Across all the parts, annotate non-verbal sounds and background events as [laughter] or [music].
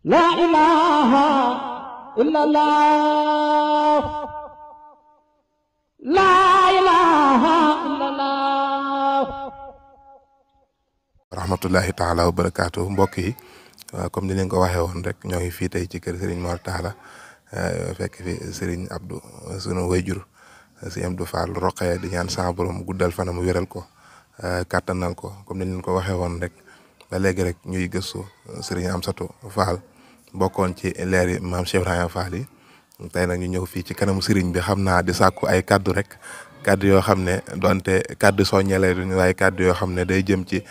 la ilaha illallah la ilaha illallah barakaatu mbokk yi comme ni leen ko waxe woon rek ñoo ngi fii tey ci kër Serigne Mor Talla eh, fekk fi Serigne Abdou sunu wayjur si Abdou Fall roqee di ñaan sa borom guddal mu wéral ko eh, kàttanal ko comme ni ko waxee woon rek ba léegi rek ñuy gëstu am euh, Amsatou Fall bokkoon ci leeri maam Cheikh Ibrahima Fall yi tey nag ñu ñëw fii ci kanamu Serigne bi xam naa di sàkku ay kaddu rek kaddu yoo xam ne donte kaddu soññee lay duñu waaye kaddu yoo xam ne day jëm ci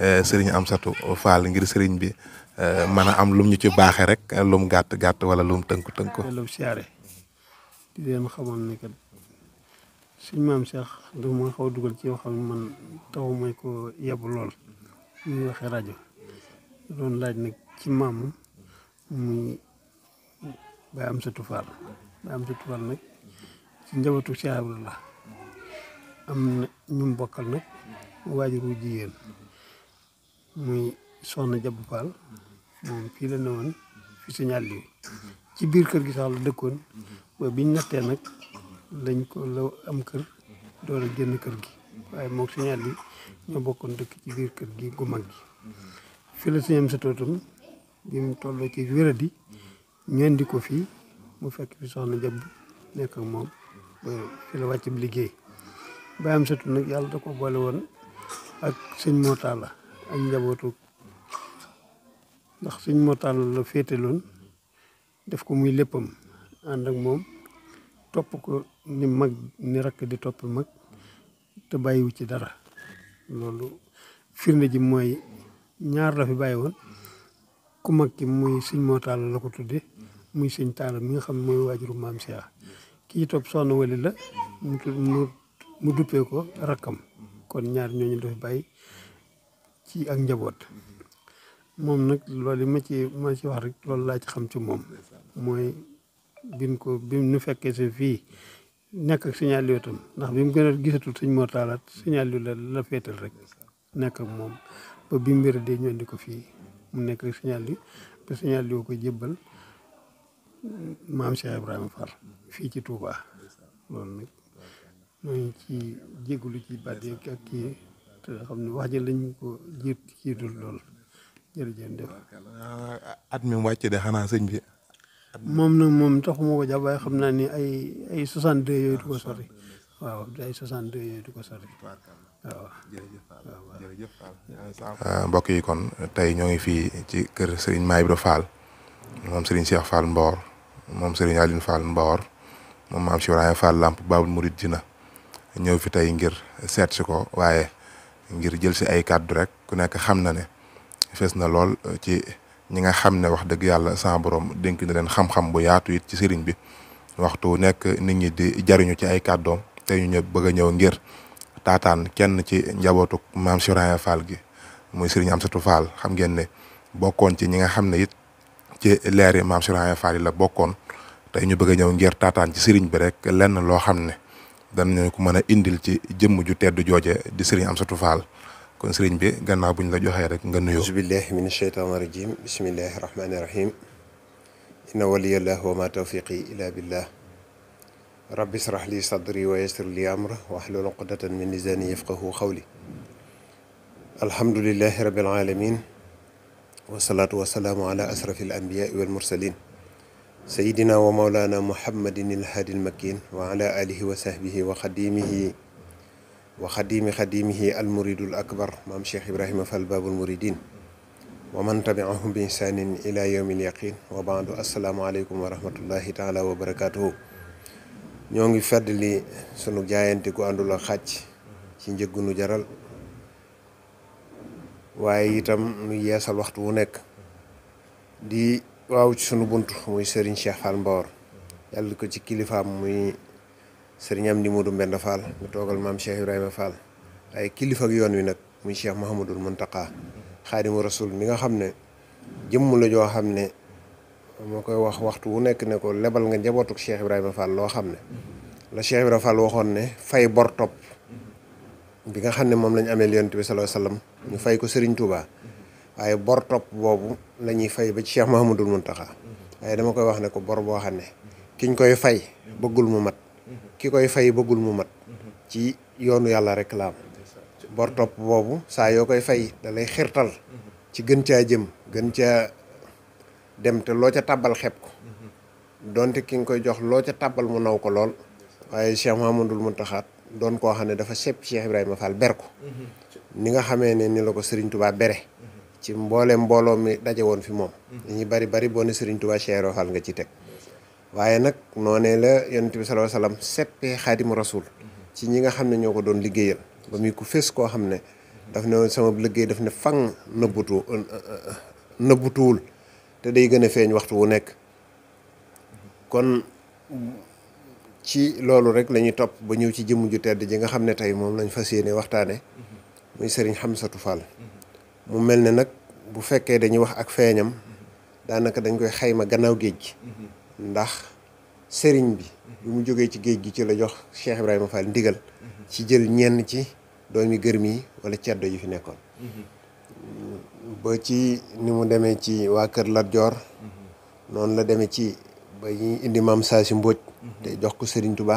euh, Serigne Amsatou Fall ngir Serigne bi euh, mën a am lum ñu ci baaxee rek lum gàtt gàtt wala lum tënku tënku. loolu siyaare di leen xamal ne kat suñ ci yoo xam ko yeb lool. ñuy waxee rajo doon laaj nag ci maamam muy Baye Amsatou Fall Baye Amsatou Fall nag ci njabootu Cheikh Ibrahima la am na ñu bokkal nag waajuru jigéen muy Soxna Jabu Fall moom fii la newoon fi signal yi ci biir kër gi sax la dëkkoon ba biñ nattee nag lañ ko la am kër door a génn kër gi waaye moog signal yi ñoo bokkon dëkk ci biir kër gi gu mag gi fi sa tootum bi mu tolloo ci wéradi ñu di ko fii mu fekk fi soxna jabb nekk ak moom fi la wàcc bi liggéey ba am satu nag yàlla da ko boole woon ak sëñ mootaala ak njabootu ndax sëñ mootaala la féeteloon def ko muy léppam ànd ak moom topp ko ni mag ni rakk di topp mag te bàyyiwu ci dara loolu firnde ji mooy ñaar la fi bàyyi woon ku mag ki muy sëñ moo taal la ko tudde muy sëñ taala mi nga xam ne mooy waajuru maam Cheikh kii topp soxna wali la mu mu mu duppee ko rakkam kon ñaar ñooñu dafa bàyyi ci ak njaboot moom nag loolu ma ci ma ci wax rek loolu laa ci xam ci moom mooy bin ko bi nu fekkee sa fii nekk ak Sëñ Aliou itam ndax bi mu gën a gisatul Sëñ Mor Talla Sëñ Aliou la la féetal rek nekk ak moom ba bi mu wér dee ko fii mu nekk ak Sëñ Aliou te Sëñ Aliou ko jébbal maam Cheikh Ibrahima Fall fii ci Touba loolu nag ñoo ci jégalu ci baat yi ak kii te xam ne wax ji lañ ko jiit jiitul lool jërëjëf. at mi wàcc de xanaa sëñ bi. moom nag moom taxuma ko xam naa ni ay ay 62 yooyu du ko sori waaw yi kon tey ñoo ngi fii ci kër Serigne Maïbra Fall moom Serigne Cheikh Fall Mbor moom Serigne Aline Fall Mbor moom maam Cheikh Ibrahima Fall Lamp Babul Mouride dina ñëw fi tey ngir seet si ko waaye ngir jël si ay kàddu rek ku nekk xam na ne fees na lool ci. ñi nga xam ne wax dëgg yàlla sa borom dénk na leen xam-xam bu yaatu it ci sëriñ bi waxtu nekk nit ñi di jariñu ci ay kàddoom te ñu ñëpp bëgg a ñëw ngir taataan kenn ci njabootu maam Suraaya Fall gi muy sëriñ Amsatu Fall xam ngeen ne bokkoon ci ñi nga xam ne it ci leeri maam Suraaya yi la bokkoon tey ñu bëgg a ñëw ngir taataan ci sëriñ bi rek lenn loo xam ne danañu ko mën a indil ci jëm ju tedd jooje di sëriñ Amsatu Fall kon sëriñ bi gannaaw buñ la joxee rek nga nuyoo bismillahi min asheytaan rajim bismillahi rahmaani rahim inna waliyallah wa ma tawfiqi illa billah rabbi israh li sadri wa yassir li wa ahlul uqdatan min lisani yafqahu qawli alhamdulillahi rabbil alamin wa salatu wa wasalaamu ala asrafi al anbiyaa wal mursalin sayidina wa maulana muhammadin al hadi al makin wa ala alihi wa sahbihi wa xadimihi wa xadiimi xadiimihi almuridul akbar maam Cheikh Ibrahima Fall baabul muridin wa man tabiahum bi insaanin ila yawmil yaqin wa baadu asalaamaaleykum wa rahmatullahi taala wa barakaatuhu ñoo ngi fedd li sunu jaayante ku àndul ak xàcc ci njëggunu jaral waaye itam nu yeesal waxtu wu nekk di waaw ci sunu bunt muy Serigne Cheikh Fall Mbaor yàlla ko ci kilifaam muy sëriñ am di Modou Mbenda Fall nga togal mam Cheikh Ibrahima Fall ay kilifa ak yoon wi nak mu Cheikh Mahamadul muntaka xaadimu rasoul mi nga xamne jëm la jo xamne mo koy wax waxtu wu nek ne ko lebal nga njabootuk Cheikh Ibrahima Fall lo xamne la Cheikh Ibrahima Fall waxoon ne fay bor top bi nga xamne mom lañ amé yoon tibi sallallahu alayhi wasallam ñu fay ko Serigne Touba ay bor top bobu la fay ba Cheikh Mahamadul muntaka ay dama koy wax ne ko bor bo xamne kiñ koy fay bëggul mu mat. ki koy fay bëggul mu mat mhm. ci yoonu yàlla rek la bor topp boobu saa yoo koy fay dalay lay xirtal mhm. ci gën caa jëm gën caa dem te loo ca tàbbal xeb ko mhm. donte ki nga koy jox loo ca tàbbal mu naw ko lool waaye Cheikh Mamadou Mountakha doon koo xam ne dafa sepp Cheikh Ibrahima Fall ber ko ni nga xamee ne ni la ko Serigne tubaa bere ci mboole mbooloo mi daje woon fi moom. ñi bari bari boo ne Serigne Touba Cheikh Ibrahima nga ci teg. waaye nag noonee la yonent bi sallallahu alayhi seppee xaadimu rasul ci ñi nga xam ne ñoo ko doon liggéeyal ba muy ku fés koo xam ne daf ne woon sama liggéey daf ne fang euh, euh, euh, nëbbutuwul te day gën a feeñ waxtu wu nekk kon ci loolu rek lañuy topp ba ñëw ci jëmm ju tedd ji nga xam ne tey moom lañ fas yéene waxtaane muy sëriñ xam Xamsatu Fall mu mel ne nag bu fekkee dañuy wax ak feeñam daanaka dañ koy xayma gannaaw géej gi ndax sëriñ bi bi mu jógee ci géej gi ci la jox Cheikh Ibrahima Fall ndigal ci jël ñenn ci doomi gërëm yi wala ceddo yu fi nekkoon ba ci ni mu demee ci waa kër Lat Joor noonu la demee ci ba ñu indi maam saa si mbóoj te jox ko sëriñ Touba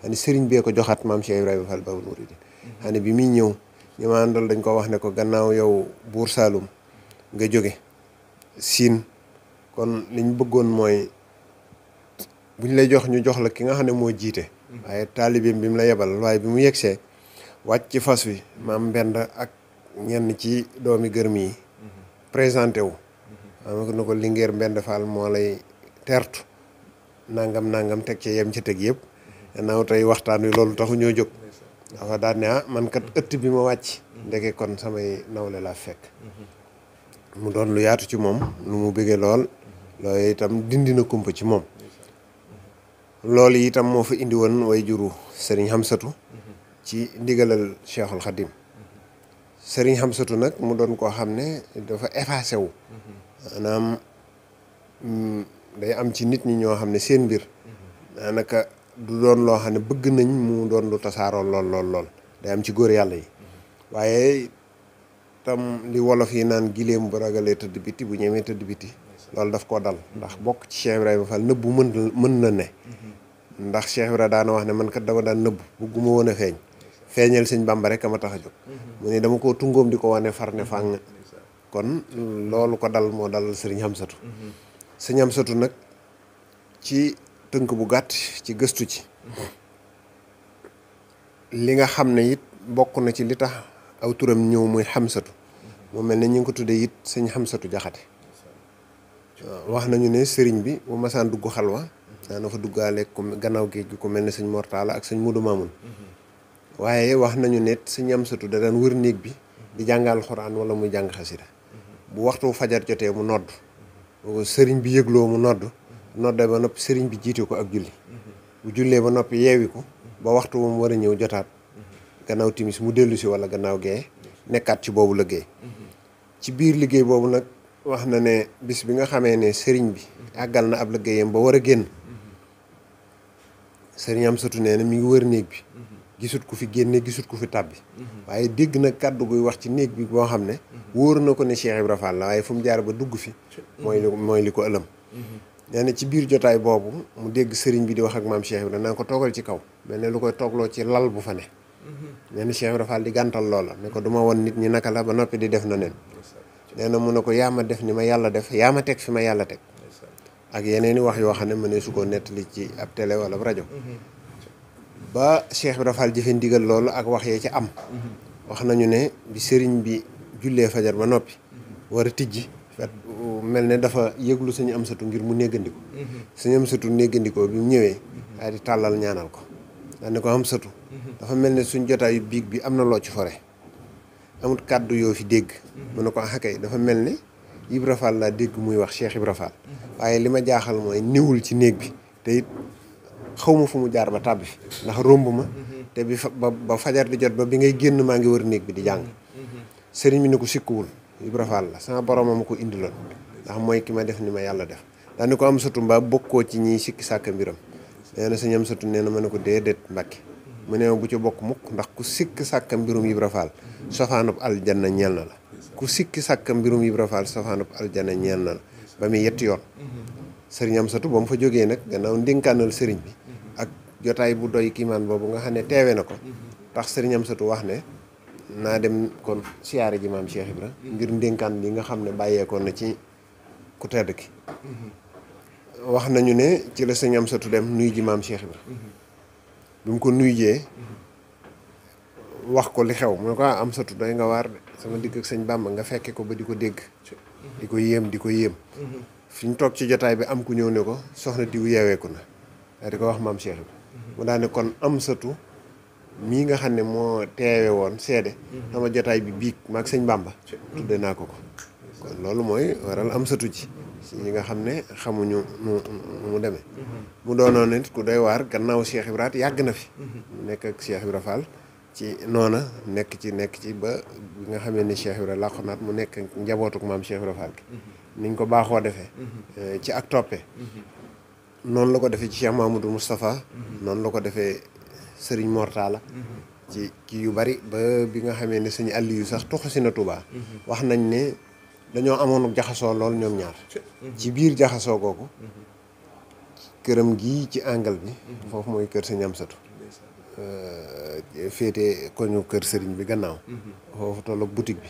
xane sëriñ bee ko joxaat maam Cheikh Ibrahima Fall Babou Mouride xane bi muy ñëw ñu ma àndal dañ ko wax ne ko gannaaw yow buur Saalum nga jóge siin kon liñ bëggoon mooy buñ lay jox ñu jox la ki nga xamne mo jité jiite talibim taalibeem la yebal waaye bimu yexé wacc ci fas wi mam bend ak ñenn ci doomi gërëm yi présenté wu am na ko lingeer bend faal mo lay tertu nangam nangam tek ci yem ci tek yeb naaw tay waxtaan wi loolu taxu ñoo jog dafa daal ne ah, man kat ëtt bi ma wacc ndeke kon samay nawle la fekk mu doon lu yaatu ci mom lu mu bëggee lool loy itam dindina kumpa ci mom loolu itam moo fa indi woon way juru sëriñ Hamsatu ci ndigalal Cheikhul Khadim sëriñ Hamsatu nag mu doon koo xam ne dafa effacé wu maanaam mm, day am ci nit ñi ñoo xam ne seen mbir daanaka du doon loo xam ne bëgg nañ mu doon lu tasaaroo lool lool lool day am ci góor yàlla yi waaye tam li wolof yi naan gileem bu ragalee tëdd biti bu ñemee tëdd biti lol daf ko dal ndax bok ci Cheikh Ibrahima Fall bu mën mën na ne ndax Cheikh Ibrahima daana wax ne man kat dama daan neub bu guma wona feñ feñal seigne bamba rek a mune dama ko tungom di wone farne fang, kon lolou ko dal mo dal sëriñ Hamsatu sëriñ Hamsatu nak ci teunk bu gatt ci gëstu ci li nga xamne yit bokku na ci li tax aw turam ñew moy Hamsatu mo melni ñing ko Hamsatu wax nañu ne sëriñ bi bu masaan dugg xal wa daana fa duggaale ku gannaaw géej gi ku mel ne sëñ Mortala ak sëñ Modou Mamoun mm-hmm. waaye wax nañu ne sëñ Amsatu da daan wër néeg bi di jàngal xuraan wala muy jàng xasida mm-hmm. bu waxtu fajar jotee mu nodd mm-hmm. sëriñ bi yëgloo mu nodd nodde ba noppi sëriñ bi jiite ko ak julli bu jullee ba noppi yeewi ko ba waxtu mu war a ñëw jotaat gannaaw timis mu dellu si wala gannaaw gee nekkaat ci boobu liggéey ci biir liggéey boobu nag wax na ne bis bi nga xamee ne sëriñ bi àggal na ab liggéeyam ba war a génn sëriñ am satu na mi ngi wër néeg bi gisut ko fi génne gisut ko fi tàbbi waaye dégg na kàddu guy wax ci néeg bi boo xam ne wóor na ko ne Cheikh Ibra Fall la waaye fu mu jaar ba dugg fi mooy li mooy li ko ëlëm nee ci biir jotaay boobu mu dégg sëriñ bi di wax ak maam Cheikh Ibra naa ko toogal ci kaw mel ne lu koy toogloo ci lal bu fa ne mhm. nee na di gàntal loola ne ko duma won nit ñi naka la ba noppi di def na neen nee na mu ne ko yaa ma def ni ma yàlla def yaa ma teg fi ma yàlla teg ak yeneen i wax yoo xam ne mënee su ko nettali ci ab télé wala rajo ba Cheikh Ibra Fall jëfe ndigal loolu ak wax yee ci am wax nañu ne bi sëriñ bi jullee fajar ba noppi wara a tijji mel ne dafa yëglu suñu am satu ngir mu néggandiko suñu am satu néggandikoo bi mu ñëwee daal di tàllal ñaanal ko daal ko am satu dafa mel ne suñ jotaayu biig bi am na loo ci fore amul kaddu yo fi deg mu ko ah dafa melni Ibra Fall la deg muy wax Cheikh Ibra Fall waye lima jaxal moy niwul ci neeg bi te it xaw fu mu jaar ba tabbi ndax rombuma ma te bi ba fajar di jot ba bi ngay genn ma ngi wër neeg bi di jang serigne mi ne ko Ibra Fall la sama borom ma ko indiloon ndax moy ki ma def ni ma yàlla def daani ko am satu mba bokko ci ñi sikki sakam biram neena na sañ neena satu na ko mu bu ci bok mukk ndax ku sikk sàkka mbirum ibrafal Faal safaanub aljanna ñel na la ku sikki sàkka mbirum ibrafal Faal safaanub aljanna ñel na la ba muy yetti yoon serigne Amsatu ba mu fa joge nak gannaaw ndinkanal serigne bi ak jotay bu doy kiimaan bobu nga xane tewé nako na tax wax ne na dem kon siari ji mam Cheikh Ibra ngir ndinkan li nga xamne ne ko na ci ku tedd ki mhm. wax nañu ne ci la sëriñ Amsatu dem nuy ji mam Cheikh Ibra mhm. bi mu ko nuyee wax ko li xew mu ne ko ah, am satu doy nga waar de sama dikk ak sëñ Bàmba nga fekke ko ba di ko dégg di ko yéem di ko yéem fi ñu toog ci jotaay bi am ku ñëw ne ko soxna diw yeeweeku na daa di ko wax maam Cheikh bi mu daa ne kon am satu mii nga xam ne moo teewe woon seede sama jotaay bi biig maag sëñ Bàmba tudde naa ko ko kon loolu mooy waral am satu ji ñi nga xam ne xamuñu mu mu mu doono nit ku doy war gannaaw Cheikh ibrahim yag na fi nek ak Cheikh ibrahim Fall ci nona nek ci nek ci ba bi nga xamee ni Cheikh ibrahim laqnat mu nek njabotuk maam Cheikh ibrahim Fall niñ ko baxo defee eh, ci ak topé non la ko defee ci Cheikh Mahamadou Moustapha non la ko defee Serigne Mortala ci ci yu bari ba bi nga xamé ni serigne aliou sax tuxu wax nañ ne dañoo amoon jaxaso lol ñom ñaar ci biir jaxaso googu kërëm gi ci angle bi fofu moy kër sëñ Amsatu euh, fété ko ñu kër señ bi gannaaw fofu tolloog boutique bi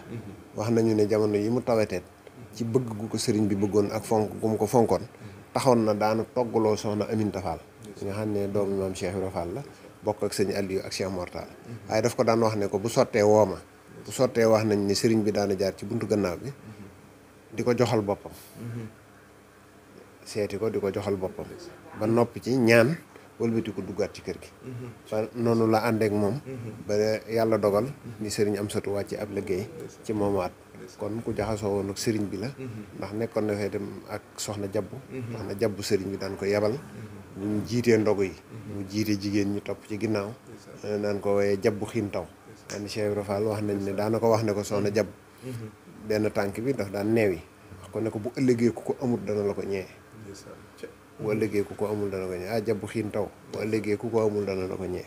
wax nañu né jamono yi mu tawété ci bëgg gu ko señ bi bëggoon ak fonk gum ko fonkon taxon na daana toggaloo soxna Aminta tafal nga xamné doom doomu maam Cheikh rofal la bok ak señ Aliou ak Cheikh Mortal ay daf ko daan wax né ko bu soté wooma bu soté wax nañ ne señ bi daana jaar ci buntu gannaaw bi di ko joxal boppam mm-hmm. seeti ko di ko joxal boppam ba nopi ci ñaan wëlbati ko duggat ci kër gi mm-hmm. ba nonu la ak mom mm-hmm. ba yalla dogal ni sëriñ am satu wacc ab liggey ci momat kon ku jaxaso won ak sëriñ bi la ndax nekkon na fee dem ak soxna jabbu soxna jabbu sëriñ bi dan ko yabal ñu jiitee ndogu yi mu jité jigéen ñu top ci ginnaw naan ko waye jabbu xiin taw and Cheikh Ibra wax nañ ne danako ko wax ne ko soxna jabbu benn tànk bi daf daan neewi wax ko ne ko bu ëllëgee ku ko amul dana la ko ñee bu ëllëgee ku ko amul dana ko ah, jabu xiin taw bu ëllëgee ko amul dana la ko ñee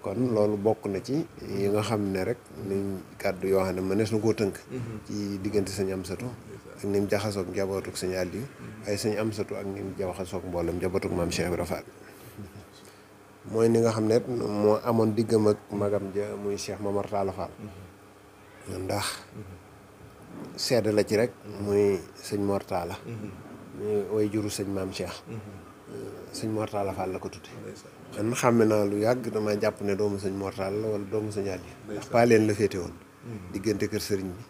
kon loolu bokk na ci yi nga xam ne rek niñ kàddu yoo xam ne mënees na koo tënk mhm. ci diggante sañ am satu ak ni mu jaxasoog njabootuk sañ Aliou mhm. ay sañ am satu ak ni mu jaxasoog mboolem njabootuk maam Cheikh bi Fall mooy ni nga xam ne moo amoon diggam ak magam ja muy Cheikh Mamar Talla ndax seede la ci rek muy sëñ Mortala muy way juru sëñ maam Cheikh sëñ Mortala Fall la ko tudde man xàmme naa lu yàgg damaa jàpp ne doomu sëñ Mortala la wala doomu sëñ Aliou ndax paa leen la féete woon diggante kër sëriñ bi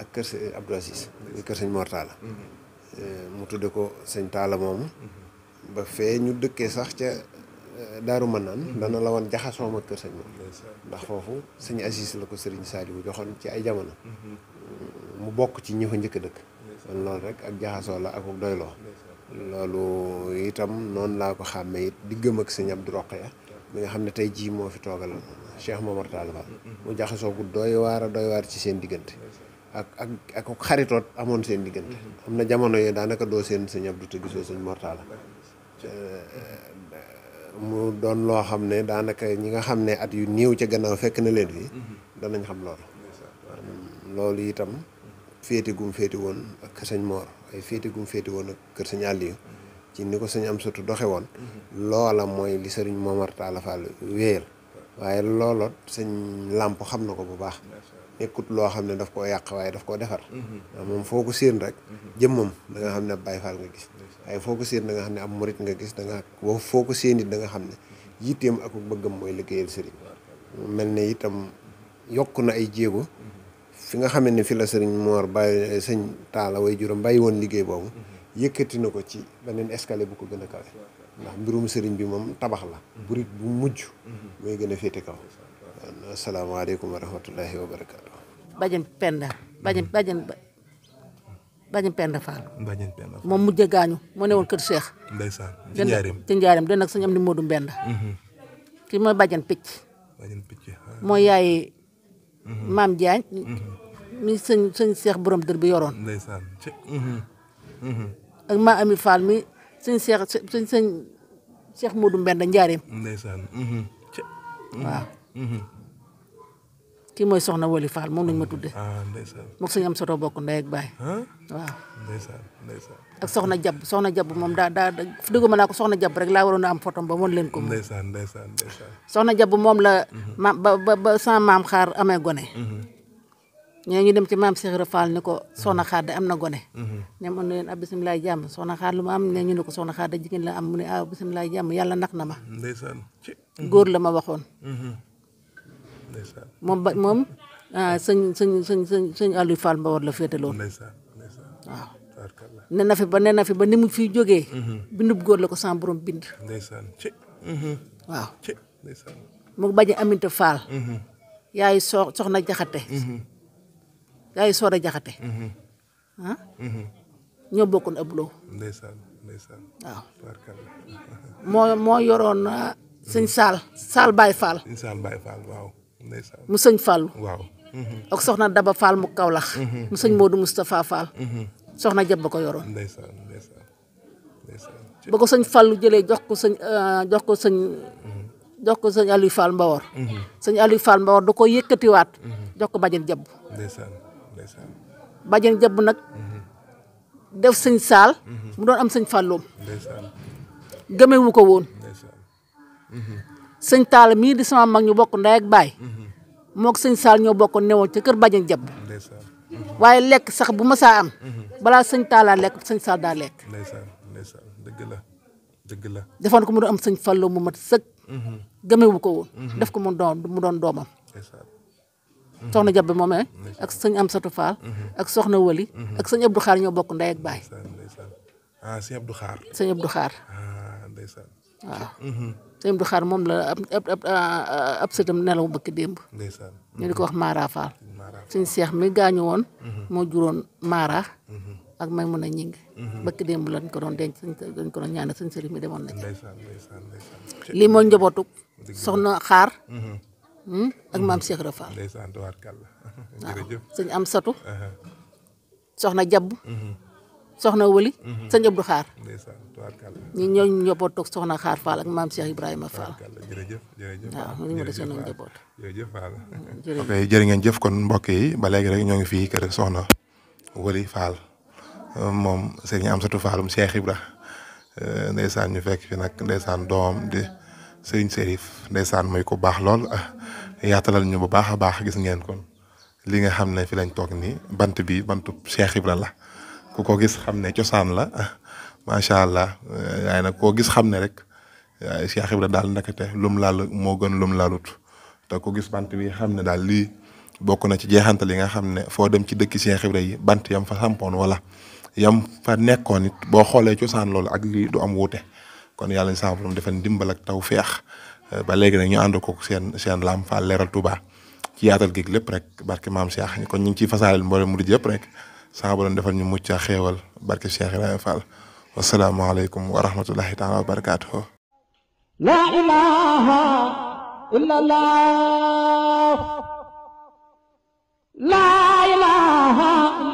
ak kër sëñ Abdou eh, mu tudde ko sëñ Talla moomu ba fee ñu dëkkee sax ca daaru Manaan mhm. dana la woon jaxasoo ak kër sëñ bi ndax foofu sëñ Aziz la ko sëriñ Saliou joxoon ci ay jamono mhm. mu bokk ci ñi fa njëkk dëkk kon loolu rek ak jaxasoo la ak doyloo loolu itam noonu laa ko xàmmee it diggam ak sëñ Abdou Rokhaya mi nga xam ne tey jii moo fi toogal Cheikh Momar Tall mhm, mu jaxasoo gu doy waar a doy ci seen diggante ak ak ak xaritoot amoon seen diggante am na jamono yooyu daanaka doo seen sëñ Abdou te gisoo sëñ Mor mu doon loo xam ne daanaka ñi nga xam ne at yu néew ca gannaaw fekk na leen fi mhm. danañ xam loolu loolu itam féete gum féete woon ak kër sëñ Moor ay féete gum féete woon ak kër sëñ Aliou ci ni ko sëñ am sotu doxe woon mhm. loola mooy li sëriñ Momar Talla Fall wéyal waaye looloot sëñ làmp xam na ko bu baax nekkut loo xam ne daf koo yàq waaye daf koo defar mhm. moom foo ko séen rek mhm. jëmmam da nga xam ne ab Baay Faal nga gis waaye foo ko séen da nga xam ne ab murit nga gis da nga foo ko da nga xam ne mhm. yitteem ak bëggam mooy liggéeyal sëriñ mel ne itam yokk na ay jéego fi nga xam ne fi la sëriñ Moor bàyyi sëñ Taala way juróom bàyyi woon liggéey boobu yëkkati na ko ci beneen escalier bu ko gën a kawe ndax mbirum sëriñ bi moom tabax la burit bu mujj mooy gën a féete kaw asalaamaaleykum wa rahmatullahi wa Badiane Penda Badiane mm. Badiane Badiane Penda Fall. Badiane Penda Fall moom mujjee gaañu moo newoon Kër Cheikh. ndeysaan ci njaareem ci njaareem den ak sëñ am ni Modou Mbenda. Mm-hmm. kii mooy Badiane Picc. Ah. mooy yaay mm-hmm. maam Diagne. Mm-hmm. mi sëñ sëñ Cheikh dër bi yoroon. ndeysaan maa Ami Fall mi sëñ Cheikh sëñ sëñ Cheikh kii mooy soxna Wali Fall moom lañ ma tudde ah, moom suñu am soto bokk ndey ak baay waaw ak soxna jab soxna jab moom daa daa dëgguma naa ko soxna rek laa waroon am photom ba woon leen ko moom soxna jab moom la ma ba ba sama maam xaar amee gone mhm. ñee ñu dem ci maam Cheikh Fall ni ko mhm. soxna xaar de am na gone mhm. ne mën na leen ah bisimilah jàmm soxna xaar lu ma am ne ñu ne ko soxna xaar da jigéen la am mu ne ah bisimilah jàmm yàlla nax na ma góor la ma waxoon moom ba moom ah, sëñ sëñ sëñ sëñ sëñ Aliou Fall Mbawar la féetaloon waaw ne na fi ba ne na fi ba ni mu fiy jógee mhm. bindub góor la ko sans borom bind mhm. waaw mu bañ a Aminta Fall mhm. yaay soo soxna jaxate yaay soor a jaxate ah ñoo bokkoon ab loo waaw [laughs] moo moo yoroon ah, sëñ Saal Saal Baye Fall mu sëñ Fallou. Mhm. ak soxna Daba Fall mu Kaolack. Mhm. mu sëñ Modou Moustapha Fall. Mhm. soxna Jab ba ko yoroon. ndeysaan ko sëñ Fallou jëlee jox ko sëñ euh, jox ko sëñ. jox ko sëñ Aliou Fall Mbawar. sëñ Aliou Fall Mbawar da koo yëkkatiwaat. jox ko Badiane Jab. ndeysaan ndeysaan. nag. def sëñ Saal. mu doon am sëñ Falloom. ndeysaan. ko woon. sëñ Talla mii di sama mag ñu bokk ndey ak baay moo ko sëñ ñoo bokk newoon ca kër Badiane Diab waaye lekk sax bu masaa am balaa sëñ Talla lekk sëñ Sall daa lekk. dëgg la dëgg la. defoon ko mu doon am sëñ Fallou mu mat sëg. Mhm. gëmewu ko woon. Mhm. def ko mu doon doomam. Mhm. soxna Diab moomee eh? ak sëñ Amsatou Fall. ak soxna Wali. ak sëñ Abdou Xaar ñoo bokk ndey ak baay. ah sëñ Xaar. waaw. sëñ Abdou Khadre moom la ab ab ah, ah, ab sëtam nelaw bëkk démb. ndeysaan ñu di ko wax Mara Fall. suñ seex mi gaañu woon. Mm-hmm. moo juróon Mara. Mm-hmm. ak may mun a ñing. Mm-hmm. bëkk démb lañ ko doon denc dañ ko doon ñaanal suñ sëriñ mi demoon na ci. lii mooy njabootu soxna Xaar. Hmm? ak maam Cheikh Rafaal. [laughs] waaw sëñ am satu. Uh-huh. soxna Jabb. soxna woli mhm. sëñ Abdou Xaar. ñi ñooñu njaboot toog soxna Xaar Fall ak maam Cheikh Ibrahima Fall. jërëjëf jërëjëf waaw ñu ma desee noonu jëf kon mbokk yi ba léegi rek ñoo ngi fii kër soxna Wali Fall moom am sëriñ Amsatou Fallum Cheikh Ibra euh, ndeysaan ñu fekk fi nag ndeysaan doom di sëriñ Serif ndeysaan mooy ko baax lool ah, yaatalal ñu bu baax a baax gis ngeen kon li nga xam ne fi lañ toog nii bant bi bantu Cheikh Ibra la ku ko gis xam ne cosaan la macha allah waaye nag koo gis xam ne rek Cheikh Ibra daal ndakate lum laal moo gën lum laalut te ko gis bant bi xam ne daal lii bokk na ci jeexantal yi nga xam ne foo dem ci dëkki Cheikh Ibra yi bant yam fa sampoon wala yam fa nekkoon it boo xoolee cosaan loolu ak lii du am wute kon yàlla ñu sàmm defal ndimbal ak taw feex ba léegi nag ñu ànd ko seen seen Lamp Fall Leeral Touba ci yaatal gi lépp rek barke maam Cheikh kon ñu ngi ciy fasaleel mboolem murid yëpp rek. saa borom defal ñu mucc a xéewal barke Cheikh Ibrahima Fall wasalaamaaleykum wa rahmatullahi taala wa barakaatuhu la ilaha illallah la ilaha